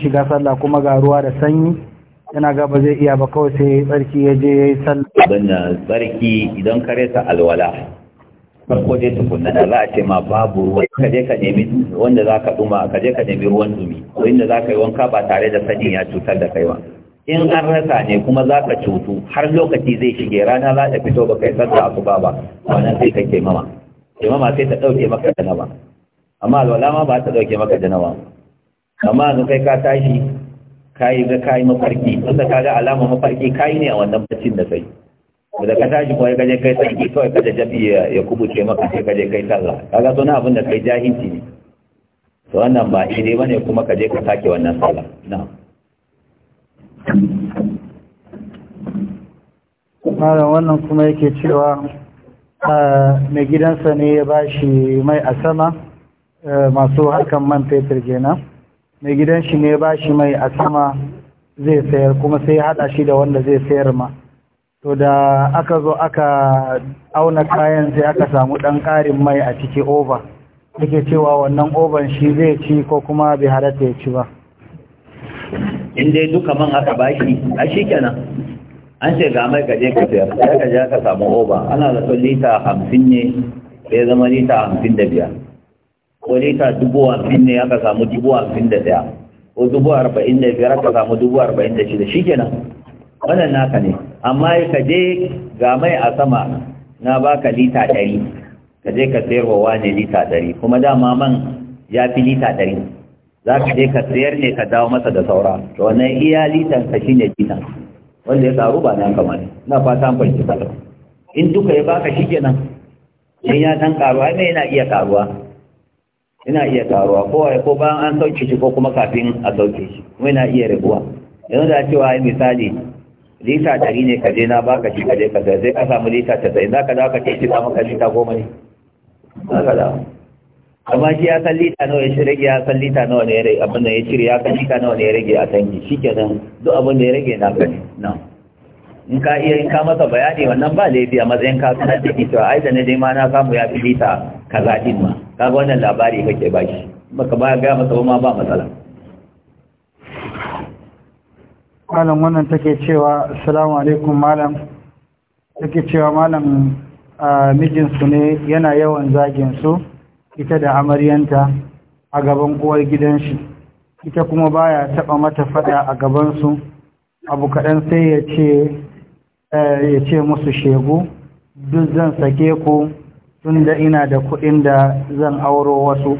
shiga sallah kuma ga ruwa da sanyi yana ga ba zai iya ba kawai sai tsarki ya je ya yi sallah abin da tsarki idan ka resa alwala farko dai tukunna da za a ce ma babu ruwa ka je ka nemi wanda za ka duma ka je ka nemi ruwan dumi ko inda za ka yi wanka ba tare da sanyi ya cutar da kai ba in an rasa ne kuma za ka cutu har lokaci zai shige rana za ta fito ba kai sassa su ba ba wannan sai ka ke mama ke mama sai ta ɗauke maka da nawa amma alwala ma ba ta ɗauke maka da nawa amma ga kai ka tashi kayi ga kayi mafarki wanda ka ga alama mafarki kayi ne a wannan baccin da kai da ka tashi kawai gaje kai sarki kawai kaje jabi ya kubuce maka sai kaje kai sallah ka ga sunan abin da kai jahilci ne to wannan ba idai bane kuma je ka sake wannan sallah na'am malam wannan kuma yake cewa mai gidansa ne ya bashi mai a sama eh, masu harkan man fetur kenan mai gidan shi ne ba shi mai a sama zai sayar kuma sai ya hada shi da wanda zai sayar ma to da aka zo aka auna kayan sai aka samu ɗan ƙarin mai a ciki over yake cewa wannan oban shi zai ci ko kuma bai halatta ya ci ba in dai duka man aka bashi a shi kenan an ce ga mai gaje ka sayar ya gaje ka samu oba ana da lita hamsin ne ya zama lita hamsin da biyar ko lita dubu hamsin ne aka samu dubu hamsin da daya ko dubu arba'in da biyar aka samu dubu arba'in da shida shi kenan wannan naka ne amma ka je ga mai a sama na baka lita ɗari ka je ka sayar wa wane lita ɗari kuma dama man ya fi lita ɗari za ka je ka sayar ne ka dawo masa da saura to wannan iya litan ka shine lita wanda ya karu ba kama ne na fata an fahimci ba in duka ya baka shi kenan in ya san karuwa ne yana iya karuwa yana iya taruwa ko wai ko bayan an sauke shi ko kuma kafin a sauke shi kuma yana iya rabuwa yanzu da cewa misali lita ɗari ne kaje na baka shi kaje ka sai sai ka samu lita casa'in za ka dawo ka ce shi samu ka lita goma ne za ka dawo amma shi ya san lita nawa ya shi rage ya san lita nawa ne ya rage abin da ya shirya ya san lita nawa ne ya rage a tanki shi kenan duk abin da ya rage na gani na'am in ka iya in ka masa bayani wannan ba laifi a matsayin ka suna da ke cewa ai da na ma na samu ya fi lita ka din ma kaga wannan labari kake ba shi baka ba gaya masa ba ma ba matsala malam wannan take cewa assalamu alaikum malam take cewa malam mijinsu ne yana yawan zagin su ita da amaryanta a gaban uwar gidan shi ita kuma baya taba mata fada a gaban su abu kaɗan sai ya ce Eh, ya ce musu shegu duk zan sake ku tun da ina da kuɗin da zan auro wasu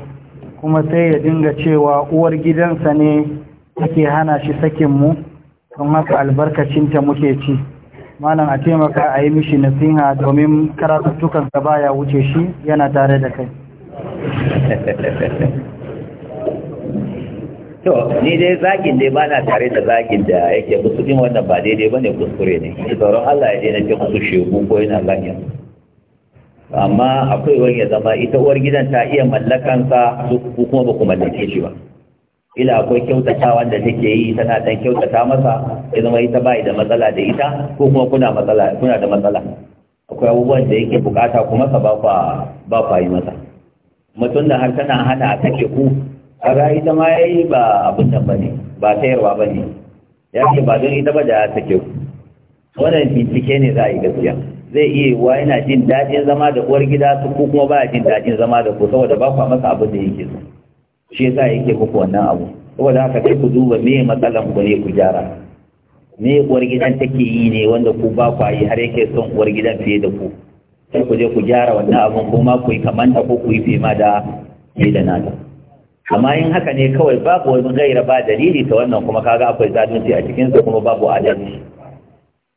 kuma sai ya dinga cewa uwar gidansa ne take hana shi sakin mu don haka albarkacinta muke ci malam a taimaka a yi mishi nasiha domin karatuttukansa baya wuce shi yana tare da kai to ni dai zagin dai ba na tare da zagin da yake musu din wannan ba daidai ba ne kuskure ne shi tsoron Allah ya je na fi musu shegu ko yana zagin amma akwai wani ya zama ita uwar gidan ta iya mallakansa ku kuma ba ku mallake shi ba ila akwai kyautata wanda take yi tana dan kyautata masa ya zama ita ba da matsala da ita ko kuma kuna matsala kuna da matsala akwai abubuwan da yake bukata kuma ka ba ba yi masa mutum da har tana hana a take ku aga ita ma yi ba abin da ba ne ba ba ne. ya ce ba don ita ba da take ku wannan bincike ne za a yi gaskiya zai iya wa yana jin daɗin zama da uwar gida su ko kuma ba jin daɗin zama da ku saboda ba ku masa abin da yake so shi yasa yake muku wannan abu saboda haka kai ku duba me matsalan ku ne ku gyara me uwar gidan take yi ne wanda ku ba ku yi har yake son uwar gidan fiye da ku sai ku je ku gyara wannan abin kuma ku yi kamanta ko ku yi fima da fiye da nata amma in haka ne kawai babu wani gaira ba dalili ta wannan kuma kaga akwai zalunci a su kuma babu adalci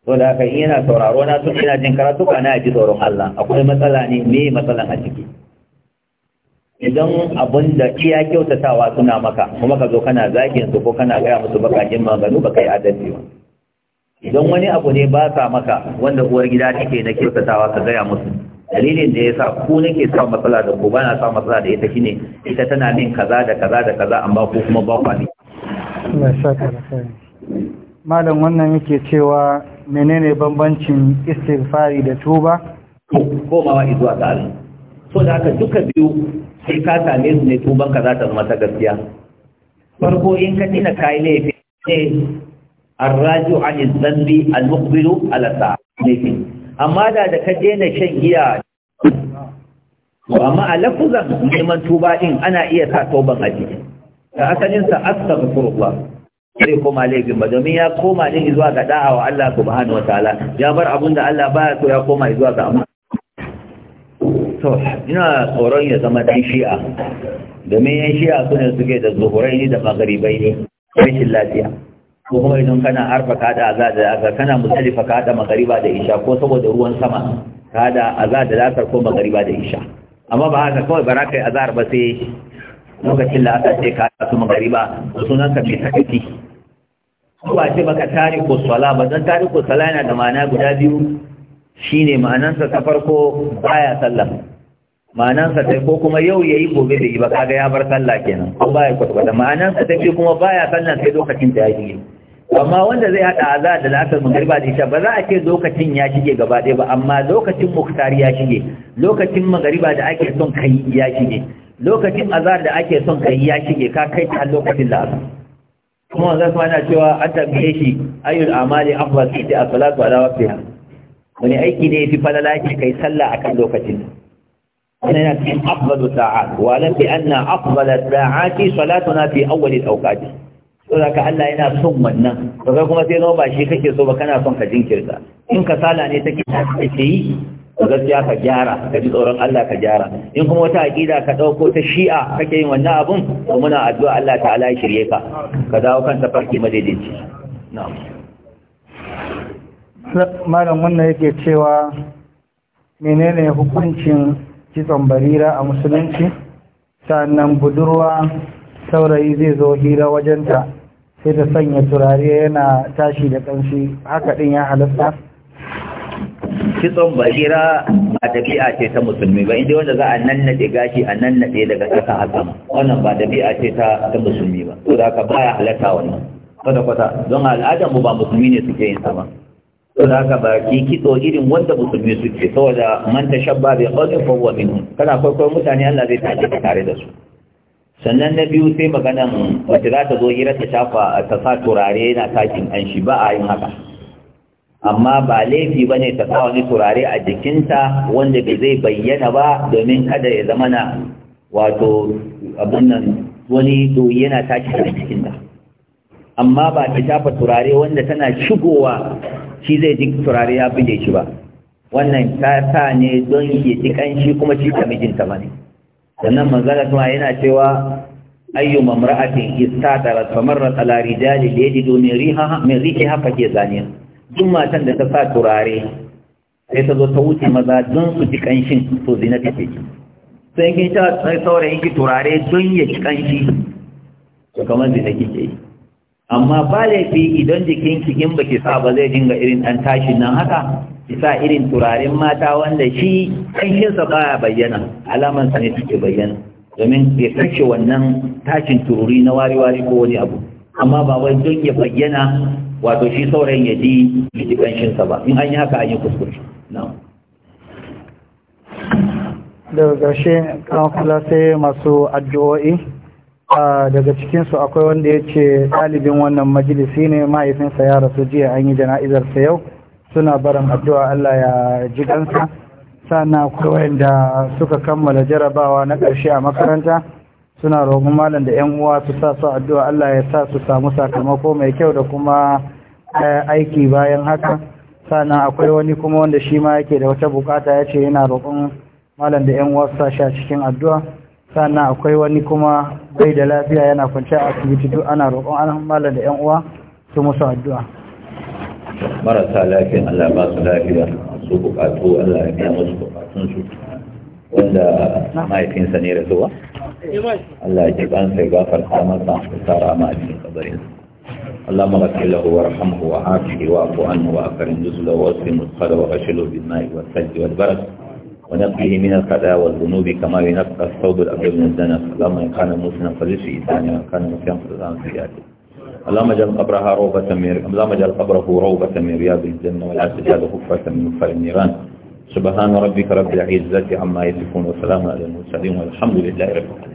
to da haka yana sauraro na tun ina jin karatu kana ji tsoron Allah akwai matsala ne me matsalan a ciki idan abun da iya kyautatawa suna maka kuma ka zo kana zagin su ko kana gaya musu bakakin maganu baka yi adalci ba idan wani abu ne ba sa maka wanda uwar gida take na kyautatawa ka gaya musu dalilin da ya sa ku nake sa matsala da ku bana sa matsala da ita shine ita tana min kaza da kaza da kaza amma ko kuma ba ku ne Allah ya saka malam wannan yake cewa menene bambancin istighfari da tuba ko ma wai zuwa ga Allah so da haka duka biyu sai ka same su ne tuban ka za ta zama ta gaskiya farko in ka tina kai laifi ne arraju anil dhanbi al-muqbilu ala sa'a laifi amma da da ka daina shan giya to amma a lafuzan neman tuba din ana iya sa tauban a jiki da asalin sa astaghfirullah sai koma laifin ba domin ya koma ne zuwa ga da'a wa Allah subhanahu wataala ya bar abun da Allah baya so ya koma zuwa ga amma to ina tsoron ya zama dan shi'a domin yan shi'a sune suke da zuhurai ne da magharibai ne rashin lafiya ko kuma idan kana arfa ka da azada da azar kana musalifa ka da magariba da isha ko saboda ruwan sama ka da azada da azar ko magariba da isha amma ba haka kawai bara kai azar ba sai lokacin da aka ce ka su magariba sunan ka mai takati ko ba ce baka ko sala ba dan ko sala yana da ma'ana guda biyu shine ma'anansa ta farko baya sallah ma'anansa ta ko kuma yau yayi gobe da yi ba kaga ya bar sallah kenan ko baya kwatkwata ma'anansa ta biyu kuma baya sallah sai lokacin da ya yi amma wanda zai hada za da la'asar magariba da isha ba za a ce lokacin ya shige gaba ɗaya ba amma lokacin muktari ya shige lokacin magariba da ake son kai ya shige lokacin azar da ake son kai ya shige ka kai ta lokacin la'asar kuma wanzan su ana cewa an tambaye shi ayyul amali afdal ita a salatu ala waqtiha wani aiki ne fi falala ki kai sallah akan lokacin wani yana cikin afdalu sa'at wa lam bi anna afdal as-sa'ati salatuna fi awwal al-awqati saboda ka Allah yana son wannan to kuma sai nawa shi kake so ba kana son ka jinkirta in kasala ne take ta ce yi to gaskiya ka gyara ka ji tsoron Allah ka gyara in kuma wata aqida ka dauko ta shi'a kake yin wannan abun to muna addu'a Allah ta'ala ya shirye ka ka dawo kan tafarki madaidaici na'am malam wannan yake cewa menene hukuncin kitson barira a musulunci sannan budurwa saurayi zai zo hira wajenta sai ta sanya turare yana tashi da ƙanshi haka ɗin ya halasta kitson bahira ba tafiya ce ta musulmi ba inda wanda za a nannaɗe gashi a nan nannaɗe daga ƙasa a sama wannan ba tafiya ce ta ta musulmi ba to da haka baya halatta wannan kwata kwata don al'adar mu ba musulmi ne suke yin sama. to da haka baki kitso irin wanda musulmi suke saboda man tashabba bi qawmin fa huwa minhum kana kwaikwayon mutane Allah zai tashi tare da su sannan na biyu sai maganan wacce za ta zo hira ta shafa ta sa turare na takin an shi ba a yin haka amma ba laifi ba ne ta sa wani turare a jikinta wanda bai zai bayyana ba domin kada ya zama na wato abin nan wani doyi yana tashi a jikinta amma ba ta shafa turare wanda tana shigowa shi zai ji turare ya bude shi ba wannan ta sa ne don ya ji kanshi kuma shi ta mijinta ba ne sannan manzala kuma yana cewa ayyu mamra'atin istadarat famarrat ala rijali yajidu min riha min riha haka ke zane. duk matan da ta sa turare sai ta zo ta wuce maza don su ji kanshin to zina ta ce sai kin ta sai saurayin ki turare don ya ji kanshi to kamar zina kike ce amma ba laifi idan jikinki in baki sa ba zai dinga irin dan tashin nan haka isa irin turaren mata wanda shi ƙanshinsa baya bayyana alamansa ne suke bayyana domin ya kashe wannan tashin tururi na wari-wari ko wani abu amma ba wai don ya bayyana wato shi saurayin ya ji kanshin ƙanshinsa ba in an yi haka an yi kuskure daga ƙarshe kan kula sai masu addu'o'i daga cikinsu akwai wanda ya ce ɗalibin wannan majalisi ne mahaifinsa ya rasu jiya an yi jana'izarsa yau suna barin addu'a Allah ya ji gansa sana kawai da suka kammala jarabawa na ƙarshe a makaranta suna roƙon malam da 'yan su sa su addu'a Allah ya sa su samu sakamako mai kyau da kuma eh, aiki bayan haka sana akwai wani kuma wanda shi ma yake da wata bukata ya ce yana roƙon malam da 'yan uwa su sa cikin addu'a sana akwai wani kuma bai da lafiya yana kwanci a asibiti duk ana roƙon malam da 'yan uwa su musu addu'a marasa lafiya Allah ba su lafiya su bukatu Allah ya biya musu bukatun su wanda mahaifinsa ne rasuwa Allah ya ban sai gafarta masa su tara ma a cikin kabarin اللهم اغفر له وارحمه وعافه واعف عنه واكرم نزله واسق مدخله وغسله بالماء والثلج والبرد ونقه من الخلاء والذنوب كما ينقى الثوب الابيض من الدنس اللهم ان كان مسلما فليس ايثانا وان كان مسلما فليس سيئاته اللهم اجعل قبرها روضة من اللهم اجعل قبره روضة من رياض الجنة والعسل خفة من غفر النيران سبحان ربك رب العزة عما يصفون وسلام على المرسلين والحمد لله رب العالمين